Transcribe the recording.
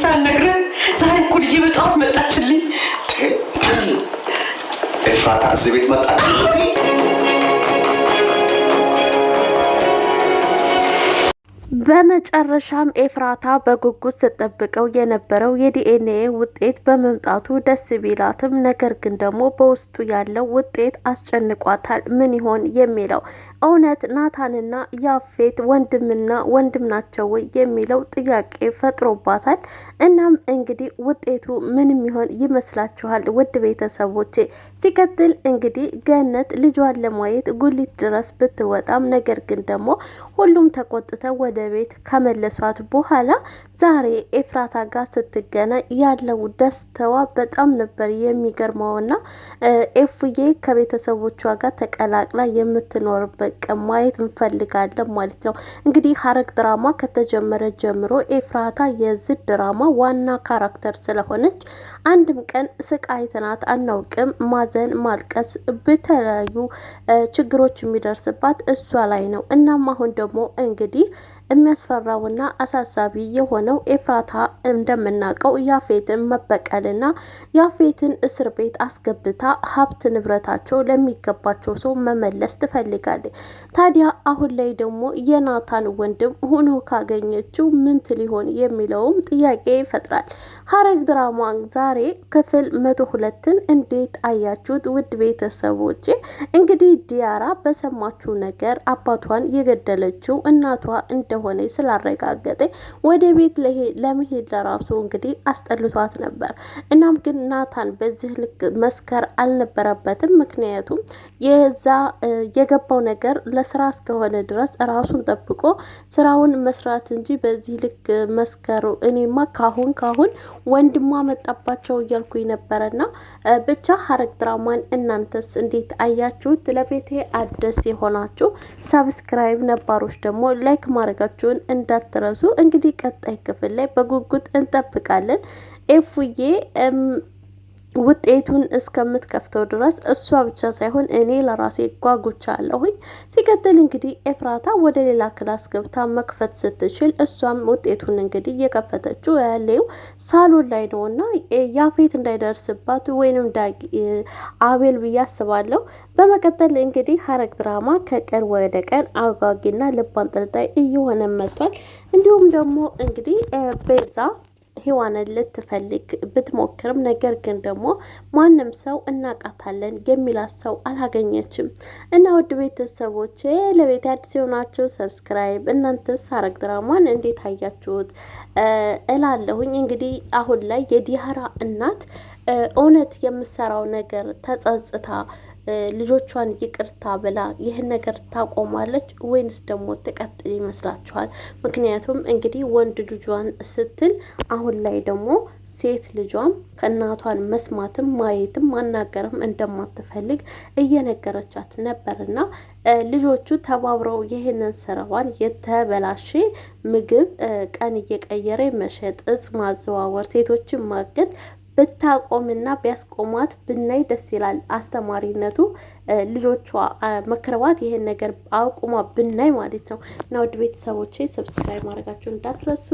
ሳልነግርህ ዛሬ እኮ ልጄ በጠዋት መጣችልኝ። ኤፍራታ እዚህ ቤት መጣ። በመጨረሻም ኤፍራታ በጉጉት ስጠብቀው የነበረው የዲኤንኤ ውጤት በመምጣቱ ደስ ቢላትም ነገር ግን ደግሞ በውስጡ ያለው ውጤት አስጨንቋታል። ምን ይሆን የሚለው እውነት ናታንና ያፌት ወንድምና ወንድም ናቸው ወይ የሚለው ጥያቄ ፈጥሮባታል። እናም እንግዲህ ውጤቱ ምንም ይሆን ይመስላችኋል? ውድ ቤተሰቦቼ ሲቀጥል እንግዲህ ገነት ልጇን ለማየት ጉሊት ድረስ ብትወጣም ነገር ግን ደግሞ ሁሉም ተቆጥተው ወደ ቤት ከመለሷት በኋላ ዛሬ ኤፍራታ ጋር ስትገናኝ ያለው ደስታዋ በጣም ነበር የሚገርመውና ኤፉዬ ከቤተሰቦቿ ጋር ተቀላቅላ የምትኖርበት ቀን ማየት እንፈልጋለን ማለት ነው። እንግዲህ ሀረግ ድራማ ከተጀመረ ጀምሮ ኤፍራታ የዚህ ድራማ ዋና ካራክተር ስለሆነች አንድም ቀን ስቃይትናት አናውቅም። ማዘን፣ ማልቀስ፣ በተለያዩ ችግሮች የሚደርስባት እሷ ላይ ነው። እናም አሁን ደግሞ እንግዲህ የሚያስፈራውና አሳሳቢ የሆነው ኤፍራታ እንደምናውቀው ያፌትን መበቀልና ያፌትን እስር ቤት አስገብታ ሀብት ንብረታቸው ለሚገባቸው ሰው መመለስ ትፈልጋለች። ታዲያ አሁን ላይ ደግሞ የናታን ወንድም ሆኖ ካገኘችው ምንት ሊሆን የሚለውም ጥያቄ ይፈጥራል። ሀረግ ድራማ ዛሬ ክፍል መቶ ሁለትን እንዴት አያችሁት? ውድ ቤተሰቦች እንግዲህ ዲያራ በሰማችው ነገር አባቷን የገደለችው እናቷ እንደ እንደሆነ ስላረጋገጠ ወደ ቤት ለመሄድ ለራሱ እንግዲህ አስጠልቷት ነበር። እናም ግን ናታን በዚህ ልክ መስከር አልነበረበትም። ምክንያቱም የዛ የገባው ነገር ለስራ እስከሆነ ድረስ ራሱን ጠብቆ ስራውን መስራት እንጂ በዚህ ልክ መስከሩ እኔማ ካሁን ካሁን ወንድሟ መጣባቸው እያልኩኝ ነበረና ብቻ ሀረግ ድራማን እናንተስ እንዴት አያችሁት? ለቤቴ አዲስ የሆናችሁ ሰብስክራይብ፣ ነባሮች ደግሞ ላይክ ማድረጋ ማድረጋችሁን እንዳትረሱ። እንግዲህ ቀጣይ ክፍል ላይ በጉጉት እንጠብቃለን። ኤፉዬ ውጤቱን እስከምትከፍተው ድረስ እሷ ብቻ ሳይሆን እኔ ለራሴ ጓጉቻ ሲቀጥል እንግዲህ ኤፍራታ ወደ ሌላ ክላስ ገብታ መክፈት ስትችል እሷም ውጤቱን እንግዲህ እየከፈተችው ያለው ሳሎን ላይ ነው እና ያፌት እንዳይደርስባት ወይንም አቤል ብዬ አስባለሁ። በመቀጠል እንግዲህ ሀረግ ድራማ ከቀን ወደ ቀን አጓጊና ልብ አንጠልጣይ እየሆነ መጥቷል። እንዲሁም ደግሞ እንግዲህ ቤዛ ሔዋንን ልትፈልግ ብትሞክርም ነገር ግን ደግሞ ማንም ሰው እናቃታለን የሚላት ሰው አላገኘችም። እና ውድ ቤተሰቦች ለቤት አዲስ የሆናችሁ ሰብስክራይብ፣ እናንተስ ሐረግ ድራማን እንዴት አያችሁት እላለሁኝ። እንግዲህ አሁን ላይ የዲያራ እናት እውነት የምሰራው ነገር ተጸጽታ ልጆቿን ይቅርታ ብላ ይህን ነገር ታቆማለች ወይንስ ደግሞ ትቀጥል ይመስላችኋል? ምክንያቱም እንግዲህ ወንድ ልጇን ስትል አሁን ላይ ደግሞ ሴት ልጇም ከእናቷን መስማትም ማየትም ማናገርም እንደማትፈልግ እየነገረቻት ነበርና ልጆቹ ተባብረው ይህንን ስራዋን የተበላሸ ምግብ ቀን እየቀየረ መሸጥ፣ እጽ ማዘዋወር፣ ሴቶችን ማገድ ብታቆምና ቢያስቆሟት ብናይ ደስ ይላል። አስተማሪነቱ ልጆቿ መክረዋት ይሄን ነገር አቁሟ ብናይ ማለት ነው። እና ውድ ቤተሰቦቼ ሰብስክራይብ ማድረጋችሁ እንዳትረሱ።